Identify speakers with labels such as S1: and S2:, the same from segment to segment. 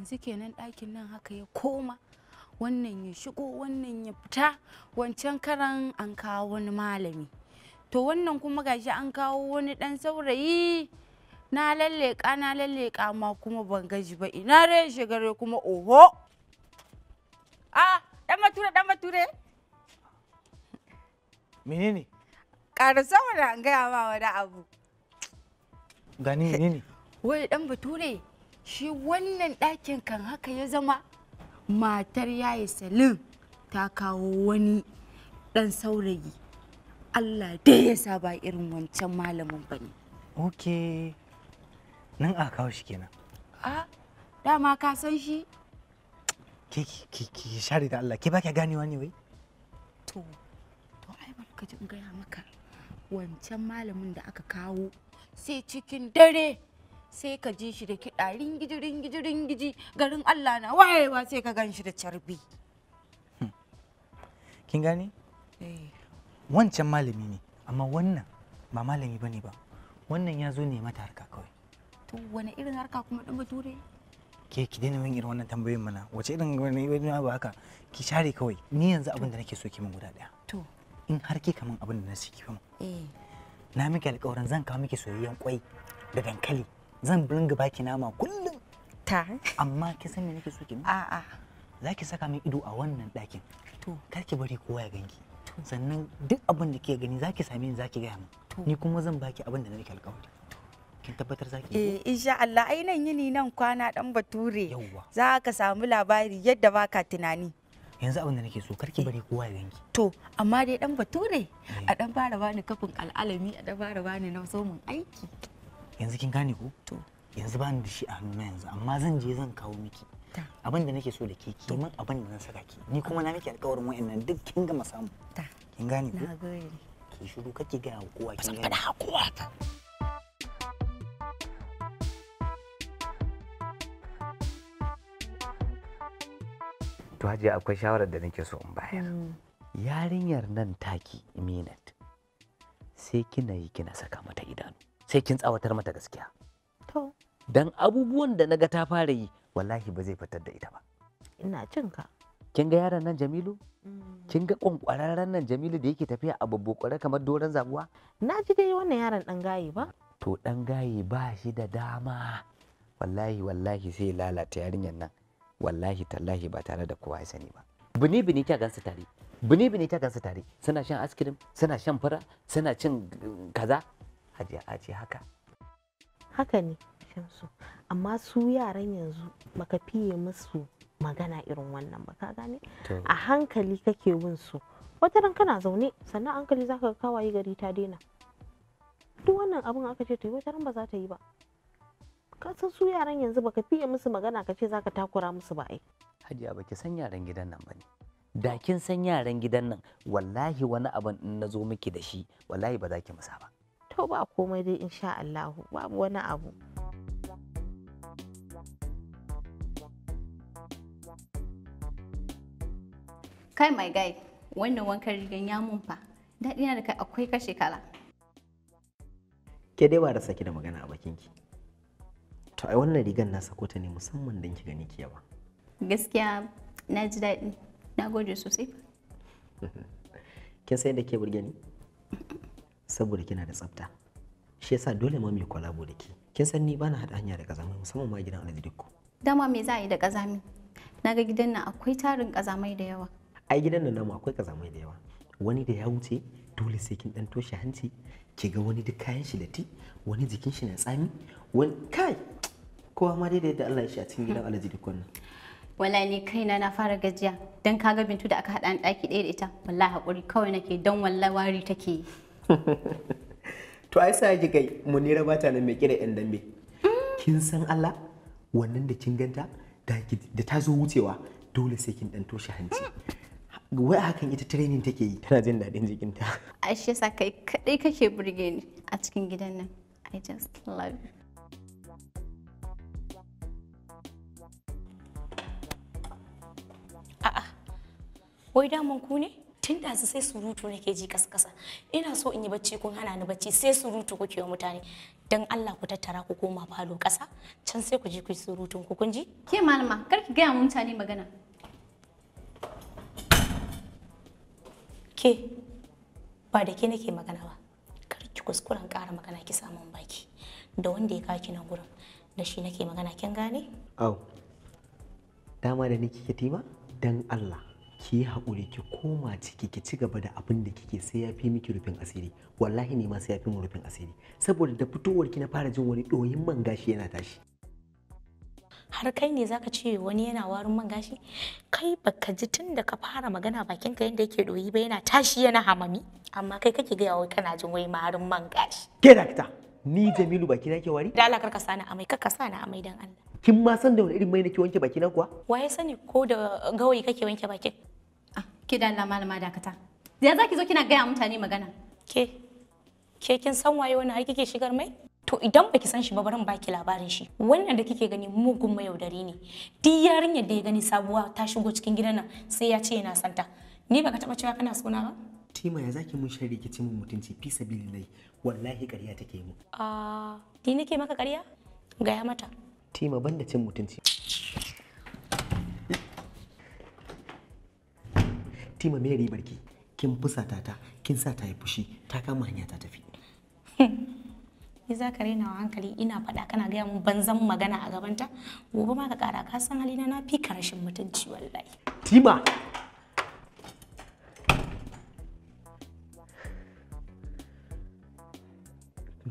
S1: yanzu kenan ɗakin nan haka ya koma wannan ya shigo wannan ya fita wancan karan an kawo wani malami to wannan kuma gashi an kawo wani ɗan saurayi na lalleka na lalleka ma kuma ban gaji ba ina rai shigare kuma oho a ɗan mature ɗan mature menene ƙara saurayi an gaya ma wani abu gani menene wai ɗan bature shi wannan ɗakin kan haka ya zama matar yayi salim ta kawo wani ɗan saurayi allah dai ya saba irin wancan malamin ba ne
S2: ok nan a kawo shi kenan
S1: a dama ka san shi
S2: ki ki ki share da allah ki ba ka ganewa ne wai
S1: to to ai barka jin gaya maka wancan malamin da aka kawo sai cikin dare sai ka ji shi da kiɗa ringiji ringiji ringiji garin Allah na wayewa sai ka gan shi da carbi.
S2: Kin gane? Eh. Wancan malami ne, amma wannan ba malami ba ne ba. Wannan ya zo ne mata harka kawai.
S1: To wani irin harka kuma ɗan bature?
S2: Ke ki daina min irin wannan tambayoyin mana wace irin wani ba haka ki share kawai ni yanzu abin da nake so ki min guda ɗaya. To. In har ke kaman abin da na saki Eh. Na miki alƙawarin zan kawo miki soyayyen kwai da dankali. zan bringa baki nama kullum ta amma ki san me nake so ki a a za ki saka min ido a wannan ɗakin to kar ki bari kowa ya ganki sannan duk abin da ke gani za ki same ni za ki gaya min ni kuma zan baki abin da nake alƙawari kin tabbatar za ki eh
S1: insha Allah ai nan yini nan kwana dan bature za ka samu labari yadda baka tunani
S2: yanzu abin da nake so karki eh. bari kowa ya ganki
S1: to amma dai dan bature a dan eh. fara bani kafin al'alami a dan fara bani na mun aiki
S2: yanzu kin gane ko to yanzu ba ni da shi a hannuna yanzu amma zan je zan kawo miki abin da nake so da ke ki min abin da zan saka ki ni kuma na miki alƙawarin wayannan duk kin gama samu kin gane ko ki shiru kake ga kowa
S3: kin gane ba kowa
S4: to haje akwai shawarar da nake so in bayar mm. yarinyar nan taki minat sai kina yi kina saka mata idanu sai kin tsawatar mata gaskiya to dan abubuwan da naga ta fara yi wallahi ba zai fitar da ita ba ina cin ka kin ga yaron nan Jamilu mm. kin ga kwankwararren nan Jamilu da yake tafiya a babbokware kamar doran zaguwa. na ji dai
S5: wannan yaron dan gaye ba
S4: to dan gaye ba shi da dama wallahi wallahi sai lalata yarinyar nan wallahi tallahi ba tare da kowa ya sani ba bini bini kya gansu tare bini bini kya gansu tare suna shan ice suna shan fara. suna cin kaza hajiya a haka
S5: haka ne shamsu amma su yaran yanzu baka fiye musu magana irin wannan ba ka gane a hankali kake bin su wata ran kana zaune sannan hankali zaka ga kawaye gari ta daina duk wannan abin aka ce ta yi wata ran ba za ta yi ba ka san su yaran yanzu baka fiye musu magana ka ce zaka takura musu ba ai
S2: hajiya baki san yaran gidan nan ba ne
S4: da kin san yaran gidan nan wallahi wani abin in na zo miki da shi wallahi ba za ki musa ba
S1: to ba komai dai insha Allahu babu wani abu kai mai gai, wannan wankan rigan ya mun fa daɗi na da kai akwai kashe kala
S4: ke dai ba da saki da magana a bakinki to ai wannan rigan na sako ta ne musamman don ki gani ba.
S1: gaskiya na ji daɗi na gode sosai
S4: kin sai da ke burge saboda kina da tsafta shi yasa dole ma mai kwalabo da ke kin san ni bana haɗa hanya da kazamai musamman ma gidan alajidikku
S1: dama me za a yi da kazami na ga gidan nan akwai tarin kazamai da yawa
S4: ai gidan nan namu akwai kazamai da yawa wani da ya wuce dole sai kin dan toshe hanci ki ga wani duk kayan shi datti wani jikin shi na tsami wani kai kowa ma dai da yadda Allah ya shi a cikin gidan alajidikku nan
S1: wala ni kaina na fara gajiya dan kaga bintu da aka haɗa ɗaki ɗaya da ita wallahi haƙuri kawai nake dan wallahi take yi
S4: to ai sai kika yi munira ba ta nan mai kira yan dambe kin san Allah wannan da kin ganta da ta zo wucewa dole sai kin dan toshe hanci wai hakan ita training take yi tana jin daɗin jikinta
S1: ta shi yasa kai kadai kake burge ni a cikin gidan nan i just love you
S5: a'a wai damun ku ne tun su sai surutu nake ji kaskasa ina so in yi bacci kun hana ni bacci sai surutu kuke wa mutane dan Allah ku tattara ku koma falo kasa can sai ku je ku yi surutun ku kun ji
S1: ke malama kar ki gaya mutane magana
S5: ke ba da ke nake magana ba kar ki kuskuren ƙara magana ki samun baki da wanda ya kaki na gurin da shi nake magana kin gane
S4: au dama da nake kitima dan Allah ki yi haƙuri ki koma ciki ki ci gaba da abin da kike sai ya fi miki rufin asiri wallahi ne ma sai ya fi mu rufin asiri saboda da fitowar ki na fara jin wani ɗoyin man gashi yana tashi
S5: har kai ne zaka ce wani yana warin man gashi kai baka ji tun da ka fara magana bakin ka yanda yake doyi ba yana tashi yana hamami amma kai kake ga wai kana jin wai marin man gashi
S4: ke dakta ni Jamilu baki na ke wari
S5: da Allah karka sani amai karka sani amai dan Allah
S4: kin ma san da wani irin mai nake wanke baki na kuwa
S5: waye sani ko da gawayi kake wanke bakin Ke da Allah malama dakata. Da ya zaki zo kina gaya mutane magana. Ke ke kin san waye wani har kike shigar mai? To idan baki san shi ba barin baki labarin shi. Wannan da kike gani mugun mayaudari ne. Duk yarinyar da ya gani sabuwa ta shigo cikin gidan nan sai ya ce yana santa. Ni baka taba cewa kana sona ba?
S4: Tima ya zaki mun shari ki mun mutunci fi sabilillahi wallahi ƙarya take mu.
S5: Ah, ni nake maka ƙarya? Gaya mata.
S4: Tima banda cin mutunci. tima me yari barki kin fusata ta kin sa ta yi fushi ta kama hanya ta tafi
S5: ni za ka raina hankali ina faɗa kana gaya mun banzan magana a gabanta gobe ma ka ƙara ka san halina na fi karshen mutunci wallahi
S4: tima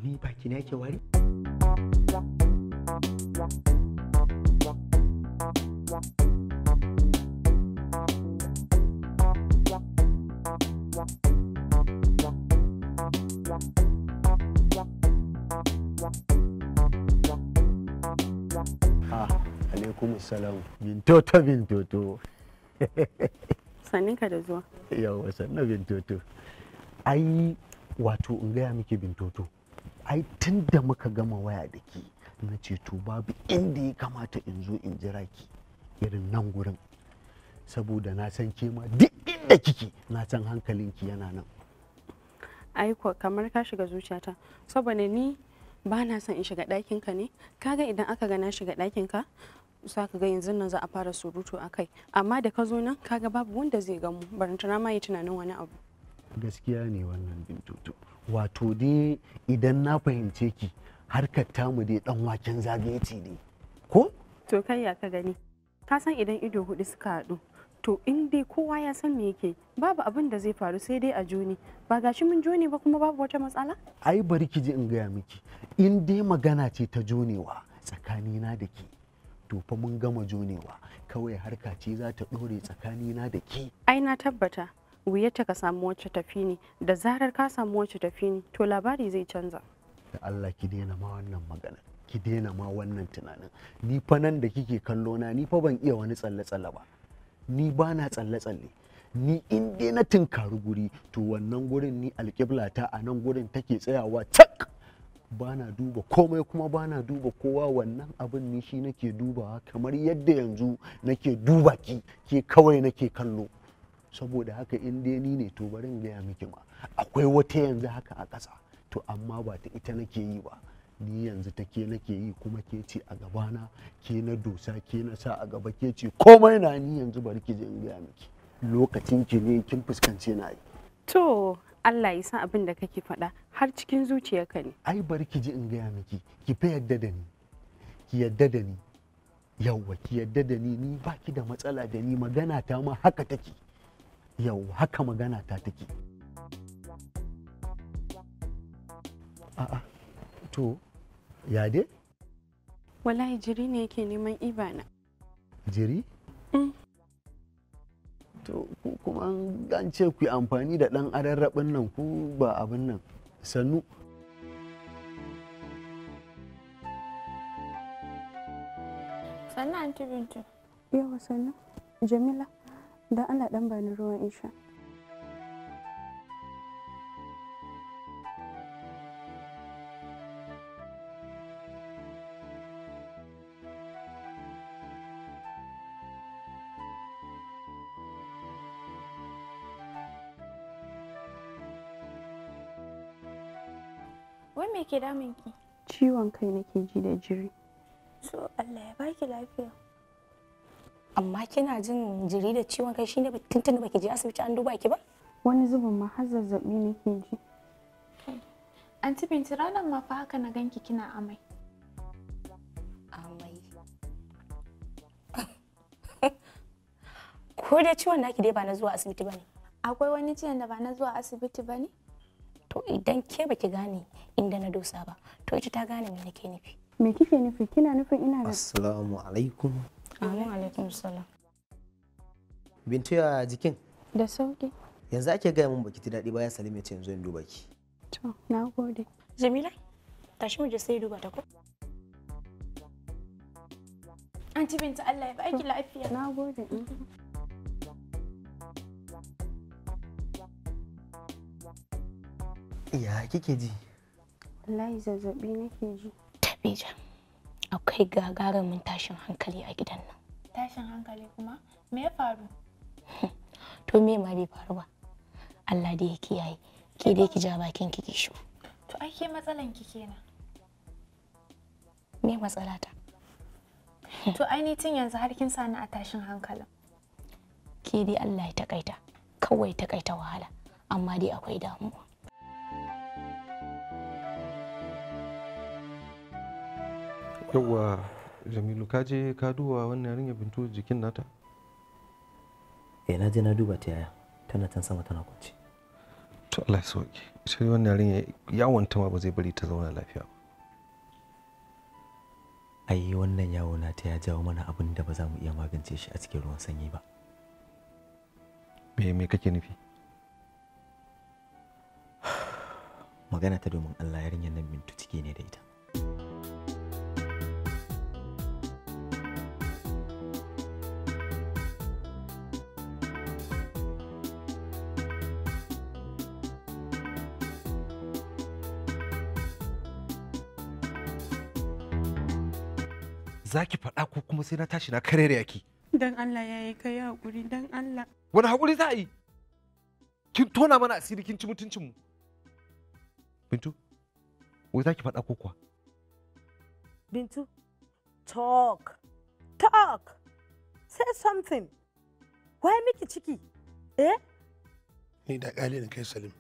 S4: ni baki na yake wari
S6: salam
S7: da zuwa
S6: yawa sannan bintoto ai wato in gaya miki bintoto ai tun da muka gama waya da ke na ce to babu inda ya kamata in zo in jira ki irin nan gurin saboda na san ke ma duk inda kike na san hankalinki yana nan
S1: aiko kamar ka shiga zuciyata saboda ni ba na son in shiga ɗakinka ne kaga idan aka ga na shiga ɗakinka za ka ga yanzu nan za a fara surutu a kai amma da ka zo nan kaga babu wanda zai gamu barantana ma yi tunanin wani abu
S6: gaskiya ne wannan bintutu wato dai idan na fahimce ki har harkar tamu dai dan waken zagayeci ne ko
S1: to kai ya ka gani ka san idan ido hudu suka haɗu to in dai kowa ya san me yake babu abin da zai faru sai dai a joni ba gashi mun joni ba kuma babu wata matsala
S6: ai bari ki ji in gaya miki in dai magana ce ta jonewa tsakanina da ke tofa mun gama jonewa kawai harka ce za ta tsakani tsakanina da ke ai
S1: na tabbata wuyarta ka samu wacce tafi ne da zarar ka samu wacce tafi ne to labari zai canza
S6: da Allah ki daina ma wannan magana ki daina ma wannan tunanin ni fa nan da kike kallo na ni fa ban iya wani tsalle tsalle ba ni ba na tsalle tsalle ni in dai na tunkari guri to wannan gurin ni alƙibla a nan gurin take tsayawa cak bana duba komai kuma bana duba kowa wannan abin ne shi nake dubawa kamar yadda yanzu nake duba ki ke kawai nake kallo saboda haka in dai ni ne to barin gaya miki ma akwai wata yanzu haka a ƙasa to amma ba ta ita nake yi ba ni yanzu ta ke nake yi kuma ke ce a gabana ke na dosa ke na sa a gaba ke ce komai na ni yanzu bari ki je in gaya miki lokacin ki ne kin fuskance na
S1: to Allah ya san abin da kake faɗa har cikin zuciyarka ne
S6: ai bari ki ji in gaya miki ki fa yadda da ni ki yadda da ni yawwa ki yadda da ni ni ba ki da matsala da ni magana ta ma haka take yawwa haka magana ta take a'a to ya dai
S7: wallahi jiri ne yake
S1: neman ibana
S6: jiri mm. to kuma an ce ku amfani da ɗan ararrabin nan ku ba abin nan sannu
S7: sannan yawa sannu jamila da ana ɗan bani ruwan insha ke damun ki? Ciwon kai nake ji da jiri. So Allah ya baki lafiya.
S5: Amma kina jin jiri da ciwon kai shine tuntun baki je asibiti
S7: an duba ki ba? Wani zubin ma har zazzabi nake ji. an ci Binti ranar ma fa haka na ganki kina amai. Amai. Ko da ciwon naki dai ba na zuwa asibiti bane. Akwai wani ciwon da ba na zuwa asibiti bane?
S5: to idan ke baki gane inda na dosa ba to ita ta gane me nake nufi
S7: me kike nufi kina nufin ina
S4: da assalamu alaikum
S7: amin alaikum salam
S4: bintu ya jikin da sauki yanzu ake gaya mun baki ti daɗi ba ya salim ya ce yanzu in duba ki
S7: to na gode jamila tashi mu je sai duba ta ko anti binta Allah ya baki aiki lafiya na gode
S4: ya kike ji
S7: wallahi zazzabi nake ji
S5: tabija akwai gagarumin tashin hankali a gidan nan
S7: tashin hankali kuma me ya faru
S5: to me ma bai faru ba Allah da ya kiyaye ke dai ki ja bakin ki ki shu
S7: to ai ke matsalan ki kenan
S5: me matsala ta?
S7: to ai ni tun yanzu har kin sani a tashin hankalin
S5: ke dai Allah ya takaita kawai takaita wahala amma dai akwai damuwa
S8: yawwa jamilu ka je ka duba wannan yarinya bintu jikin nata
S4: eh na je na duba ta yaya tana can sama tana kwance to Allah ya sauke sai wannan yarinya yawon ta ma ba zai bari ta zauna lafiya ba ai wannan yawo na ta ya jawo mana abin da ba za mu iya magance shi a cikin ruwan sanyi ba me me kake nufi magana ta domin Allah yarinyar nan mintu ciki ne da ita
S8: za ki faɗa ko kuma sai na tashi na karere yaki.
S7: Dan Allah ya yi kai haƙuri dan Allah.
S8: Wani haƙuri za a yi? Kin tona mana asiri kin ci mutuncin mu. Bintu, wai za ki faɗa ko kuwa?
S1: Bintu, talk, talk, say something. Wai miki ciki,
S6: eh? Ni da ƙali na kai Salim,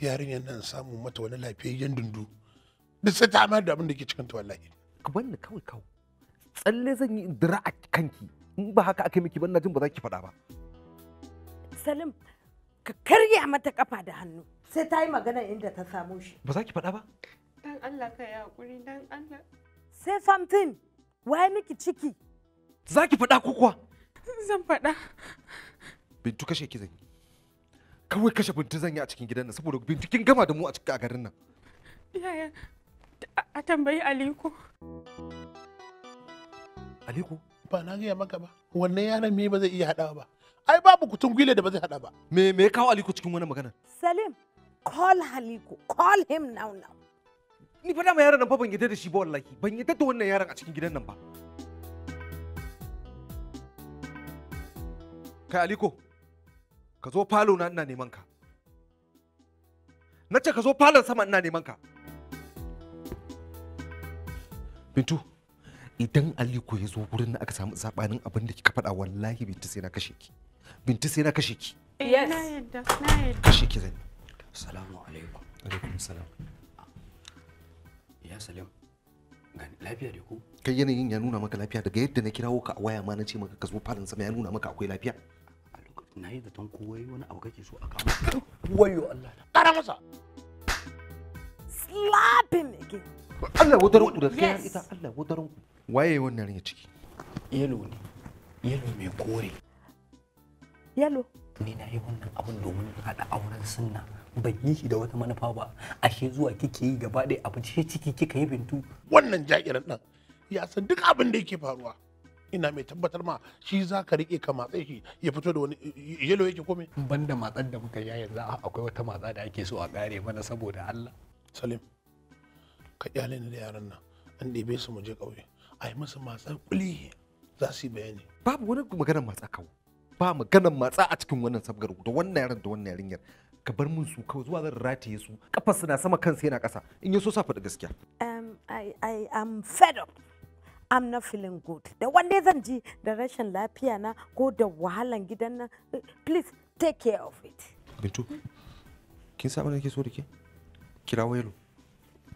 S6: yarinyar nan samun mata wani lafiyayyen dundu. Duk sai ta amar da abin da ke cikin ta wallahi. Ka bani kawai kawai. tsalle
S1: zan yi
S8: in dira a kanki in ba haka aka miki ba jin ba za ki faɗa ba
S1: salim ka karya mata kafa da hannu sai ta yi magana inda ta samu shi ba za ki faɗa ba
S7: dan Allah ka yi hakuri dan Allah
S1: sai something waye miki ciki za ki faɗa ko kuwa zan faɗa
S8: bintu kashe ki zan yi kawai kashe bintu zan yi a cikin gidan nan saboda bintu kin gama da mu a cikin garin nan
S6: yaya a tambayi aliko Aliko? Ba na gaya maka ba. Wannan yaron me ba zai iya haɗawa ba. Ai babu kutun gwile da ba zai haɗa ba.
S8: Me me kawo Aliko cikin wannan magana?
S6: Salim, call Aliko, call him now now.
S8: Ni fa dama yaron nan fa ban yadda da shi ba wallahi. Ban yadda da wannan yaron a cikin gidan nan ba. Kai Aliko, ka zo falo na ina neman ka. Na ce ka zo falon sama ina neman ka. Bintu, idan aliko ya zo gurin na aka samu sabanin abin da kika faɗa wallahi binti sai na kashe ki binti sai na kashe ki
S7: eh, yes na yadda na yadda
S8: kashe ki zan
S6: assalamu alaikum alaikum salam ya salim lafiya da ku
S8: kai yanayin ya nuna maka lafiya daga yadda na kirawo ka a waya ma na ce maka ka zo falon sama ya nuna maka akwai lafiya
S6: na yi zaton kowai wani abu kake so a kama wayo Allah kara masa slapping again Allah wadaranku da kai ita Allah wadaranku
S8: waye wannan rin ciki
S6: Yalo ne yalo mai kore Yalo. ni na yi wannan abun domin hada auren sunna ban yi shi da wata manufa ba ashe zuwa kike yi gaba ɗaya abu ce ciki kika yi bintu wannan jakirin ɗan ya san duk abin da yake faruwa ina mai tabbatar ma shi za ka riƙe ka matse shi ya fito da wani yalo yake kome ban da matsar da muka yi yanzu akwai wata matsa da ake so a kare mana saboda Allah salim ka kyale ni da yaran nan an ɗebe su mu je ƙauye a yi masa matsar kuli
S8: za su yi bayani babu wani maganar matsa kawo ba maganar matsa a cikin wannan sabgar da wannan yaran da wannan yarinyar ka bar min su kawai zuwa zan rataye su kafar suna sama kansa yana ƙasa in so sa faɗi gaskiya
S1: um i i am fed up I'm not feeling good. Da wanda zan ji da rashin lafiya na ko da wahalan gidan nan, please take care of it.
S8: Bintu, kin sa abin da so da ke? Kirawo yalo.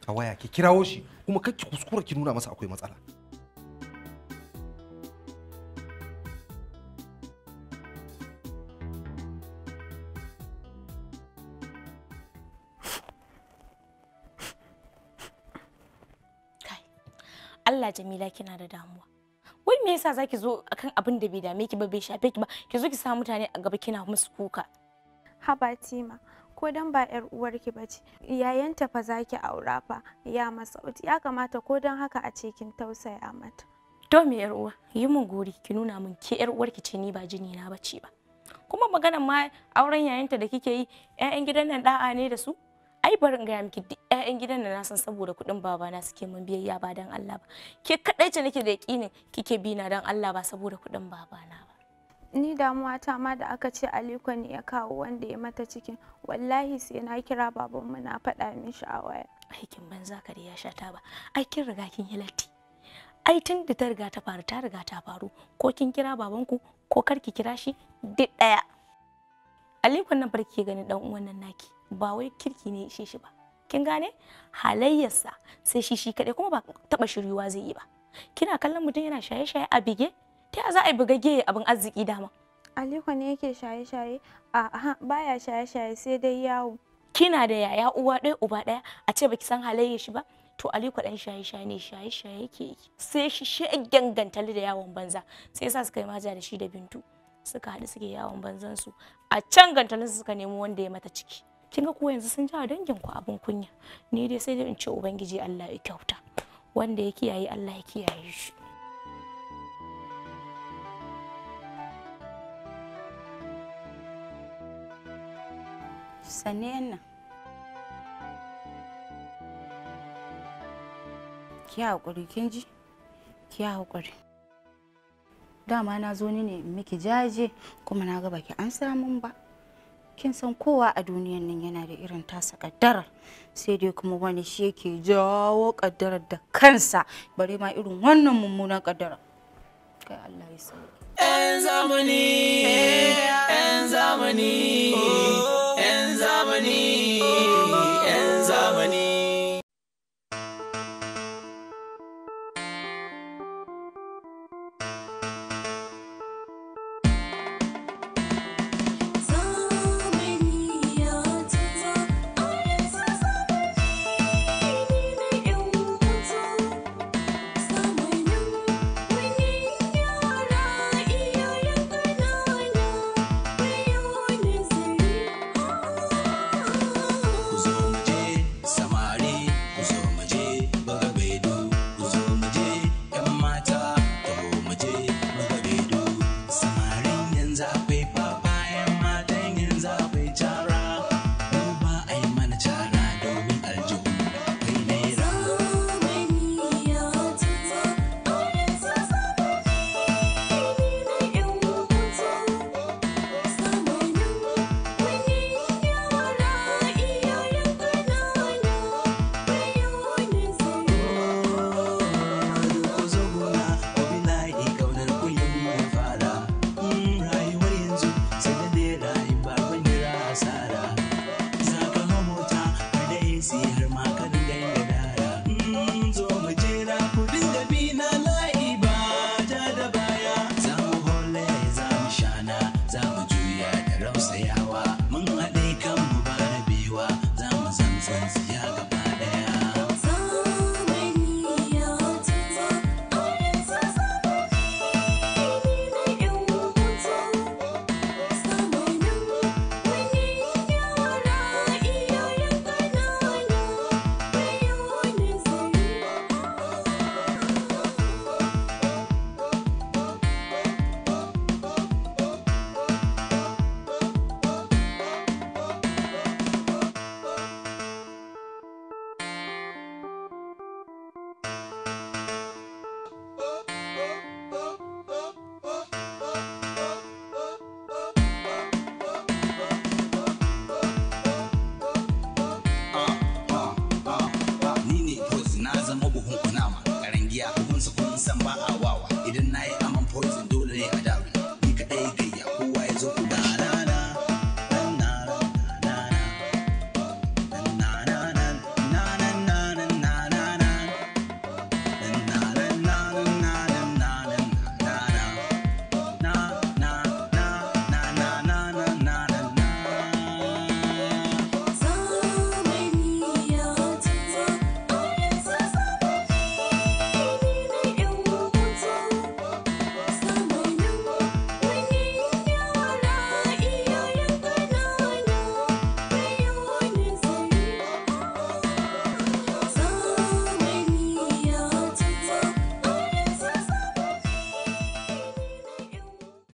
S8: A waya ke kirawo shi kuma kake kuskura ki nuna masa akwai matsala.
S5: kina da damuwa wai me yasa zaki zo akan abin da bai dame ki ba bai shafe ki ba ki zo ki sa mutane a gaba kina musu kuka
S7: haba tima ko dan ba yar uwarki bace yayanta fa zaki aura fa ya masauti ya kamata ko dan haka a ce kin tausaya mata to me yar
S5: uwa yi mun gori ki nuna min ke yar uwarki ce ni ba jini na bace ba
S7: kuma maganar ma
S5: auren yayanta da kike yi 'ya'yan gidan nan da'a ne da su ai barin gaya miki duk ƴaƴan gidan da na san saboda kuɗin babana suke min biyayya ba dan Allah ba ke kaɗai ce nake da yaƙinin kike bina na dan Allah ba saboda kuɗin babana ba
S7: ni damuwa ta ma da aka ce Aliko ne ya kawo wanda ya mata cikin wallahi sai na kira babanmu na faɗa mishi a waya aikin banza kare ya sha ta ba aikin riga kin yi latti ai tun da ta riga ta faru ta
S5: riga ta faru ko kin kira babanku ko kar ki kira shi duk ɗaya alikon nan barki ganin dan uwan nan naki ba wai kirki ne ishe shi ba kin gane halayyarsa sai shi shi kaɗai kuma ba taɓa shiryuwa zai yi ba kina kallon mutum yana shaye-shaye a bige ta za a yi bugagge abin arziki dama
S7: Aliko ne yake shaye-shaye a baya shaye-shaye sai dai yawo kina da yaya uwa ɗaya uba ɗaya a ce baki san
S5: halayyar shi ba to Aliko dan shaye-shaye ne shaye-shaye yake yi sai shi shegen gantali da yawon banza sai sa suka yi maja da shi da Bintu suka haɗu suke yawon banzan su. a can gantalin suka nemi wanda ya mata ciki kin ga yanzu sun ja dangin ku abin kunya ni dai sai dai in ce ubangiji Allah ya kyauta wanda ya kiyaye Allah ya kiyaye shi
S1: sanne nan ki hakuri kin ji ki hakuri. dama na zo ni ne miki jaje kuma na ga baki an samun ba kin san kowa a duniyan nan yana da irin tasa kaddara sai dai kuma wani shi yake jawo kaddarar da kansa bare ma irin wannan mummunan kaddara kai
S9: Allah ya yan zamani yan zamani